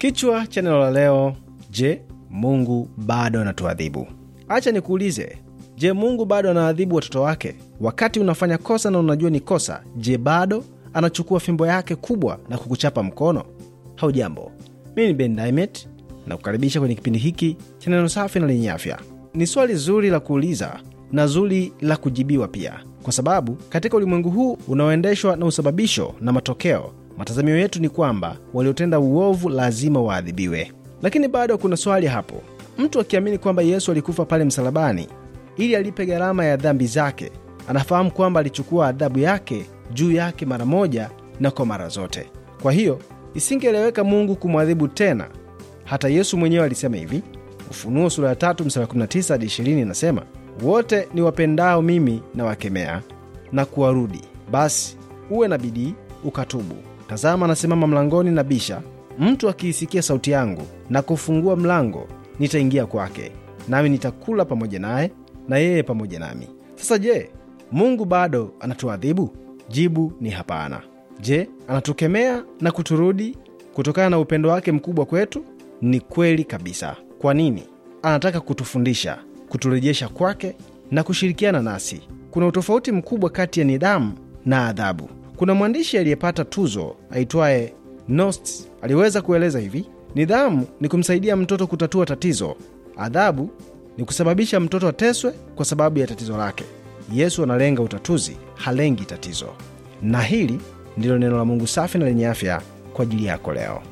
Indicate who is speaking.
Speaker 1: Kichwa cha neno la leo: Je, Mungu bado anatuadhibu? Acha nikuulize, je, Mungu bado anaadhibu watoto wake? Wakati unafanya kosa na unajua ni kosa, je, bado anachukua fimbo yake kubwa na kukuchapa mkono? hau jambo mimi ni Ben dimet na kukaribisha kwenye kipindi hiki cha neno safi na lenye afya. Ni swali zuri la kuuliza na zuri la kujibiwa pia, kwa sababu katika ulimwengu huu unaoendeshwa na usababisho na matokeo Matazamio yetu ni kwamba waliotenda uovu lazima waadhibiwe, lakini bado kuna swali hapo. Mtu akiamini kwamba Yesu alikufa pale msalabani ili alipe gharama ya dhambi zake, anafahamu kwamba alichukua adhabu yake juu yake mara moja na kwa mara zote. Kwa hiyo isingeeleweka Mungu kumwadhibu tena. Hata Yesu mwenyewe alisema hivi, Ufunuo sura ya 3 19 hadi 20, inasema wote ni wapendao mimi nawakemea na kuwarudi, basi uwe na bidii ukatubu. Tazama, anasimama mlangoni na bisha. Mtu akiisikia sauti yangu na kufungua mlango, nitaingia kwake, nami nitakula pamoja naye na yeye pamoja nami. Sasa je, Mungu bado anatuadhibu? Jibu ni hapana. Je, anatukemea na kuturudi kutokana na upendo wake mkubwa kwetu? Ni kweli kabisa. Kwa nini? Anataka kutufundisha, kuturejesha kwake na kushirikiana nasi. Kuna utofauti mkubwa kati ya nidhamu na adhabu. Kuna mwandishi aliyepata tuzo aitwaye Nost aliweza kueleza hivi: nidhamu ni kumsaidia mtoto kutatua tatizo, adhabu ni kusababisha mtoto ateswe kwa sababu ya tatizo lake. Yesu analenga utatuzi, halengi tatizo. Na hili ndilo neno la Mungu safi na lenye afya kwa ajili yako leo.